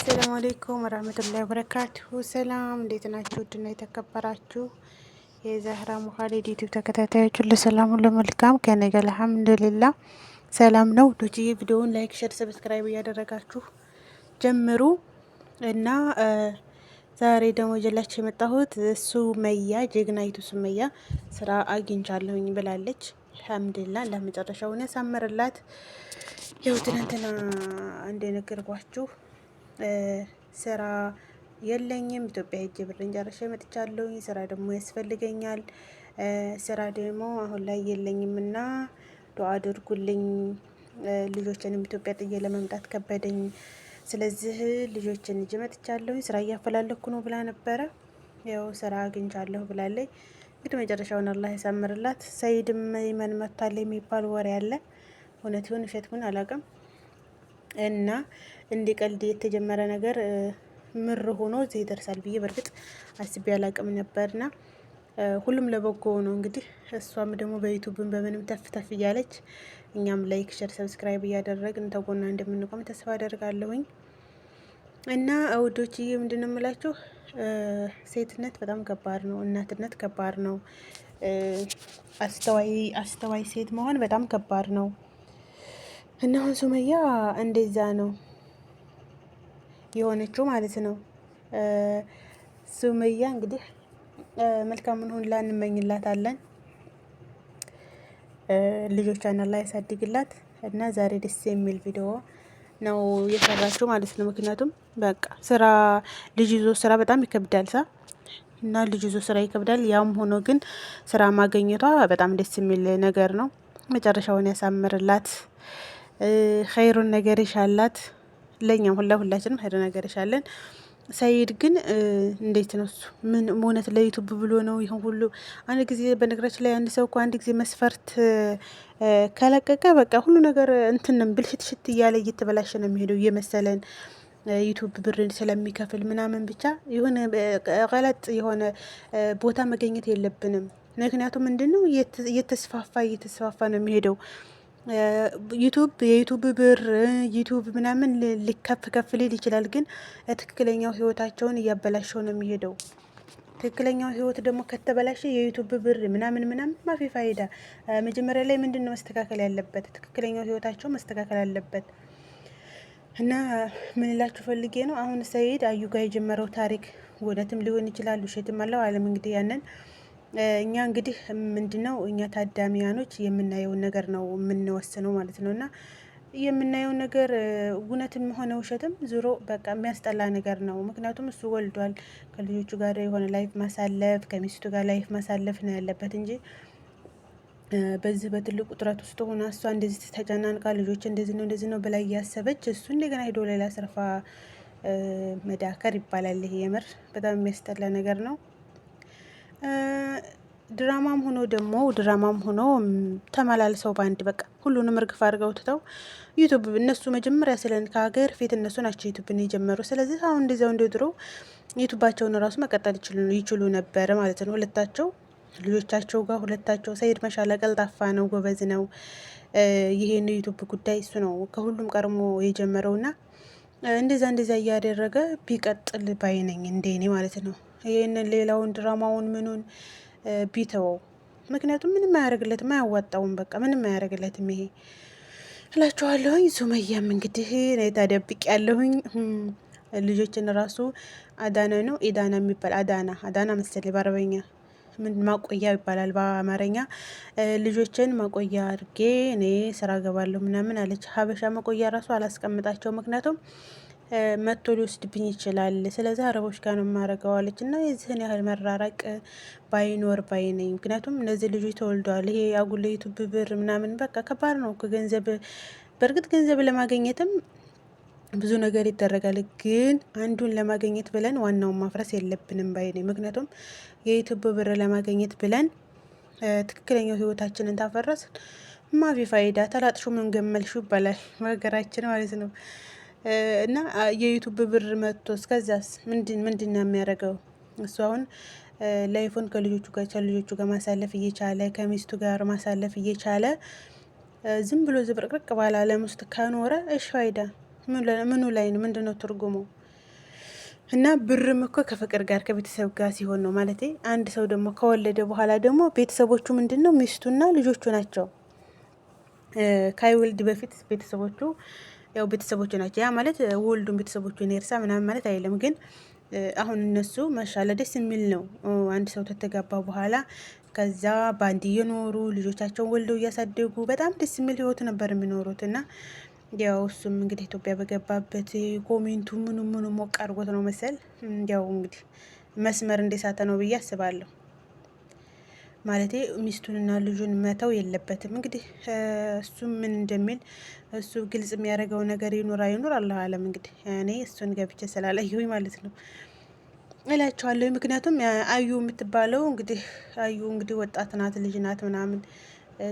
አሰላሙ አሌይኩም ወራህመቱላሂ ወበረካቱሁ። ሰላም እንዴት ናችሁ? ውድና የተከበራችሁ የዛህራ ሙኻሊድ ዩቲዩብ ተከታታዮች ሁሉ ሰላም ሁሉ መልካም ከኔ ጋር ሰላም ነው። ዶጂ ቪዲዮውን ላይክ፣ ሼር፣ ሰብስክራይብ እያደረጋችሁ ጀምሩ እና ዛሬ ደግሞ ጀላችሁ የመጣሁት ሱመያ ጀግናይቱ ሱመያ ስራ አግኝቻለሁኝ ብላለች። አልሐምዱሊላህ ለመጨረሻው ያሳምርላት። ያው ትናንትና እንደነገርኳችሁ ስራ የለኝም ኢትዮጵያ ሄጄ ብሬን ጨርሼ መጥቻለሁ። ስራ ደግሞ ያስፈልገኛል። ስራ ደግሞ አሁን ላይ የለኝም እና ዱዓ አድርጉልኝ። ልጆችንም ኢትዮጵያ ጥዬ ለመምጣት ከበደኝ። ስለዚህ ልጆችን ይዤ መጥቻለሁ። ስራ እያፈላለኩ ነው ብላ ነበረ። ያው ስራ አግኝቻለሁ ብላለች። እንግዲህ መጨረሻውን አላህ ያሳምርላት። ሰይድም መን መጥቷል የሚባል ወሬ አለ። እውነት ይሁን ውሸት ይሁን አላውቅም እና እንደ ቀልድ የተጀመረ ነገር ምር ሆኖ እዚህ ይደርሳል ብዬ በእርግጥ አስቤ አላቅም ነበርና ሁሉም ለበጎ ነው። እንግዲህ እሷም ደግሞ በዩቱብን በምንም ተፍ ተፍ እያለች እኛም ላይክ፣ ሸር፣ ሰብስክራይብ እያደረግን ተጎና እንደምንቆም ተስፋ አደርጋለሁኝ። እና ውዶች ምንድን ነው የምላችሁ፣ ሴትነት በጣም ከባድ ነው። እናትነት ከባድ ነው። አስተዋይ አስተዋይ ሴት መሆን በጣም ከባድ ነው እና አሁን ሱመያ እንደዛ ነው። የሆነችው ማለት ነው። ሱመያ እንግዲህ መልካሙን ሁላ እንመኝላታለን። ልጆቿን አላህ ያሳድግላት እና ዛሬ ደስ የሚል ቪዲዮ ነው የሰራችው ማለት ነው። ምክንያቱም በቃ ስራ ልጅ ይዞ ስራ በጣም ይከብዳል ሳ እና ልጅ ይዞ ስራ ይከብዳል። ያም ሆኖ ግን ስራ ማገኘቷ በጣም ደስ የሚል ነገር ነው። መጨረሻውን ያሳምርላት፣ ኸይሩን ነገር ይሻላት። ለእኛም ሁላ ሁላችንም ሀይር ነገር ይሻለን። ሰይድ ግን እንዴት ነው እሱ? ምን እውነት ለዩቱብ ብሎ ነው ይሁን ሁሉ? አንድ ጊዜ በነገራችን ላይ አንድ ሰው እኮ አንድ ጊዜ መስፈርት ከለቀቀ በቃ ሁሉ ነገር እንትንም ሽት እያለ እየተበላሸ ነው የሚሄደው እየመሰለን ዩቱብ ብር ስለሚከፍል ምናምን ብቻ የሆነ ቀለጥ የሆነ ቦታ መገኘት የለብንም። ምክንያቱም ምንድን ነው እየተስፋፋ እየተስፋፋ ነው የሚሄደው ዩቱብ የዩቱብ ብር ዩቱብ ምናምን ሊከፍ ከፍ ሊል ይችላል፣ ግን ትክክለኛው ህይወታቸውን እያበላሸው ነው የሚሄደው። ትክክለኛው ህይወት ደግሞ ከተበላሸ የዩቱብ ብር ምናምን ምናምን ማፊ ፋይዳ። መጀመሪያ ላይ ምንድን ነው መስተካከል ያለበት? ትክክለኛው ህይወታቸው መስተካከል አለበት። እና ምንላችሁ ፈልጌ ነው አሁን ሰይድ አዩ ጋር የጀመረው ታሪክ እውነትም ሊሆን ይችላል ውሸትም አለው አለም እንግዲህ ያንን እኛ እንግዲህ ምንድነው እኛ ታዳሚያኖች የምናየውን ነገር ነው የምንወስነው ማለት ነው እና የምናየው ነገር እውነትም ሆነ ውሸትም ዞሮ በቃ የሚያስጠላ ነገር ነው። ምክንያቱም እሱ ወልዷል። ከልጆቹ ጋር የሆነ ላይፍ ማሳለፍ ከሚስቱ ጋር ላይፍ ማሳለፍ ነው ያለበት እንጂ በዚህ በትልቁ ጥረት ውስጥ ሆነ እሷ እንደዚህ ተጨናንቃ ልጆች እንደዚህ ነው እንደዚህ ነው ብላ እያሰበች እሱ እንደገና ሄዶ ሌላ ስርፋ መዳከር ይባላል። ይሄ የምር በጣም የሚያስጠላ ነገር ነው። ድራማም ሆኖ ደግሞ ድራማም ሆኖ ተመላልሰው በአንድ በቃ ሁሉንም እርግፍ አድርገው ትተው ዩቱብ እነሱ መጀመሪያ ስለን ከሀገር ፊት እነሱ ናቸው ዩቱብን የጀመሩ። ስለዚህ አሁን እንደዚያው እንደ ድሮ ዩቱባቸውን ራሱ መቀጠል ይችሉ ነበር ማለት ነው። ሁለታቸው ልጆቻቸው ጋር ሁለታቸው ሰይድ መሻለ ቀልጣፋ ነው፣ ጎበዝ ነው። ይሄን ዩቱብ ጉዳይ እሱ ነው ከሁሉም ቀድሞ የጀመረውና እንደዛ እንደዛ እያደረገ ቢቀጥል ባይነኝ እንደኔ ማለት ነው። ይህንን ሌላውን ድራማውን ምኑን ቢተወው፣ ምክንያቱም ምንም አያደርግለትም፣ አያዋጣውም። በቃ ምንም አያደርግለትም ይሄ እላችኋለሁኝ። ሱመያም እንግዲህ እኔ ያለሁኝ ልጆችን ራሱ አዳና ነው ኢዳና የሚባል አዳና አዳና መሰለኝ በአረበኛ ምን ማቆያ ይባላል በአማርኛ። ልጆችን ማቆያ አድርጌ እኔ ስራ ገባለሁ ምናምን አለች። ሀበሻ መቆያ ራሱ አላስቀምጣቸው ምክንያቱም መቶ ሊወስድብኝ ይችላል። ስለዚህ አረቦች ጋር ነው የማረገዋለች እና የዚህን ያህል መራራቅ ባይኖር ባይነኝ ምክንያቱም እነዚህ ልጆች ተወልደዋል። ይሄ ያጉለይቱ ብብር ምናምን በቃ ከባድ ነው። ገንዘብ በእርግጥ ገንዘብ ለማገኘትም ብዙ ነገር ይደረጋል። ግን አንዱን ለማገኘት ብለን ዋናውን ማፍረስ የለብንም ባይ ነኝ። ምክንያቱም የዩቱብ ብር ለማገኘት ብለን ትክክለኛው ህይወታችንን ታፈረስን ማፊ ፋይዳ ተላጥሾ ምን ገመልሹ ይባላል በሀገራችን ማለት ነው። እና የዩቱብ ብር መጥቶ እስከዚያስ ምንድን ምንድን ነው የሚያደርገው? እሱ አሁን ላይፎን ከልጆቹ ጋር ልጆቹ ጋር ማሳለፍ እየቻለ ከሚስቱ ጋር ማሳለፍ እየቻለ ዝም ብሎ ዝብርቅርቅ ባለ ዓለም ውስጥ ከኖረ እሺ፣ ፋይዳ ምኑ ላይ ነው? ምንድን ነው ትርጉሙ? እና ብርም እኮ ከፍቅር ጋር ከቤተሰብ ጋር ሲሆን ነው ማለት። አንድ ሰው ደግሞ ከወለደ በኋላ ደግሞ ቤተሰቦቹ ምንድን ነው? ሚስቱና ልጆቹ ናቸው። ካይወልድ በፊት ቤተሰቦቹ ያው ቤተሰቦች ናቸው። ያ ማለት ወልዱን ቤተሰቦቹን ኤርሳ ምናምን ማለት አይደለም ግን አሁን እነሱ መሻለ ደስ የሚል ነው። አንድ ሰው ተተጋባ በኋላ ከዛ በአንድ እየኖሩ ልጆቻቸውን ወልደው እያሳደጉ በጣም ደስ የሚል ህይወት ነበር የሚኖሩት እና ያው እሱም እንግዲህ ኢትዮጵያ በገባበት ኮሜንቱ ምኑ ምኑ ሞቅ አድርጎት ነው መሰል ያው እንግዲህ መስመር እንደሳተ ነው ብዬ አስባለሁ። ማለቴ ሚስቱንና ልጁን መተው የለበትም። እንግዲህ እሱ ምን እንደሚል እሱ ግልጽ የሚያደርገው ነገር ይኑር አይኑር አላህ አለም። እንግዲህ እኔ እሱን ገብቼ ስላላየሁኝ ማለት ነው እላቸዋለሁ። ምክንያቱም አዩ የምትባለው እንግዲህ አዩ እንግዲህ ወጣት ናት፣ ልጅ ናት ምናምን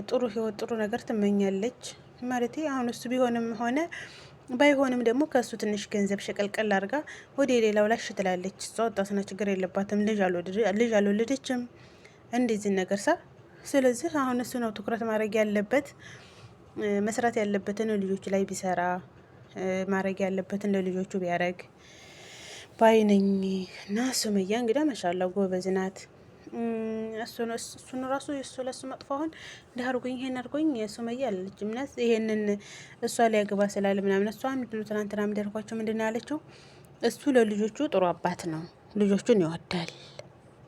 ጥሩ ህይወት ጥሩ ነገር ትመኛለች ማለት አሁን እሱ ቢሆንም ሆነ ባይሆንም ደግሞ ከእሱ ትንሽ ገንዘብ ሸቀልቀል አድርጋ ወደ ሌላው ላሽ ትላለች። እሷ ወጣት ችግር የለባትም። ልጅ አልወለደችም። እንደዚህ ነገር ሳ ስለዚህ አሁን እሱ ነው ትኩረት ማድረግ ያለበት መስራት ያለበትን ልጆች ላይ ቢሰራ ማድረግ ያለበትን ለልጆቹ ቢያደረግ ባይነኝ እና ሱመያ እንግዳ መሻላ ጎበዝ ናት። እሱን ራሱ እሱ ለሱ መጥፎ አሁን እንዳርጉኝ አድርጎኝ ይሄን አድርጎኝ ሱመያ አለች ምነት ይሄንን እሷ ላይ ያግባ ስላለ ምናምን እሷ ምንድነው ትናንትና ምደርኳቸው ምንድን ያለችው እሱ ለልጆቹ ጥሩ አባት ነው፣ ልጆቹን ይወዳል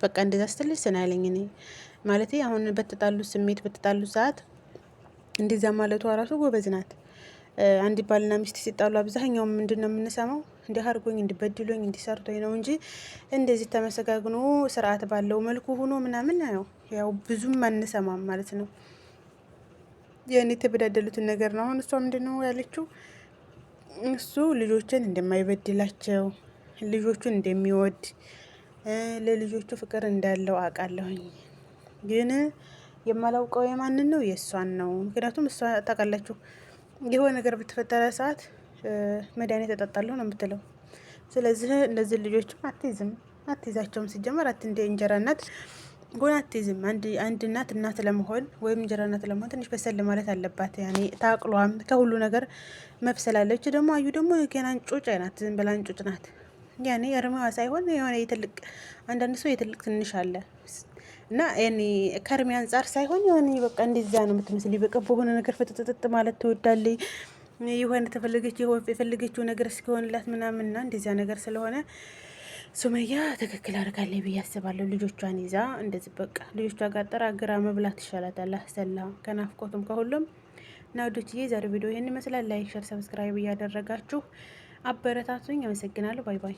በቃ እንደዛ ስትልሽ ስናለኝ እኔ ማለት አሁን በተጣሉት ስሜት በተጣሉት ሰዓት እንደዛ ማለቷ ራሱ ጎበዝ ናት። አንድ ባልና ሚስት ሲጣሉ አብዛኛው ምንድን ነው የምንሰማው? እንዲህ አድርጎኝ እንዲበድሎኝ እንዲሰርቶኝ ነው እንጂ እንደዚህ ተመሰጋግኖ ስርዓት ባለው መልኩ ሆኖ ምናምን ያው ያው ብዙም አንሰማም ማለት ነው። የእኔ የተበዳደሉትን ነገር ነው። አሁን እሷ ምንድን ነው ያለችው? እሱ ልጆችን እንደማይበድላቸው ልጆቹን እንደሚወድ ለልጆቹ ፍቅር እንዳለው አውቃለሁኝ። ግን የማላውቀው የማንን ነው? የእሷን ነው። ምክንያቱም እሷ ታውቃላችሁ የሆነ ነገር በተፈጠረ ሰዓት መድኃኒት እጠጣለሁ ነው የምትለው። ስለዚህ እነዚህ ልጆችም አትይዝም፣ አትይዛቸውም። ሲጀመር እንደ እንጀራ እናት ጎን አትይዝም። አንድ እናት እናት ለመሆን ወይም እንጀራ እናት ለመሆን ትንሽ በሰል ማለት አለባት። ያኔ ታቅሏም ከሁሉ ነገር መብሰል አለች። ደግሞ አዩ ደግሞ ገና እንጮጭ አይናት፣ ዝም ብላ እንጮጭ ናት። ያኔ እርማ ሳይሆን የሆነ የትልቅ አንዳንድ ሰው የትልቅ ትንሽ አለ እና ያኔ ከእርሜ አንጻር ሳይሆን የሆነ በቃ እንደዚያ ነው የምትመስል በቃ በሆነ ነገር ፍጥጥጥጥ ማለት ትወዳለች። የሆነ ተፈለገች የፈለገችው ነገር እስኪሆንላት ምናምንና እንደዚያ ነገር ስለሆነ ሱመያ ትክክል አድርጋለች ብዬ አስባለሁ። ልጆቿን ይዛ እንደዚህ በቃ ልጆቿ ጋር ጠራግራ መብላት ይሻላታል። አሰላ ከናፍቆትም ከሁሉም ናዶችዬ፣ ዛሬ ቪዲዮ ይህን ይመስላል። ላይክ፣ ሸር፣ ሰብስክራይብ እያደረጋችሁ አበረታቱኝ። አመሰግናለሁ። ባይ ባይ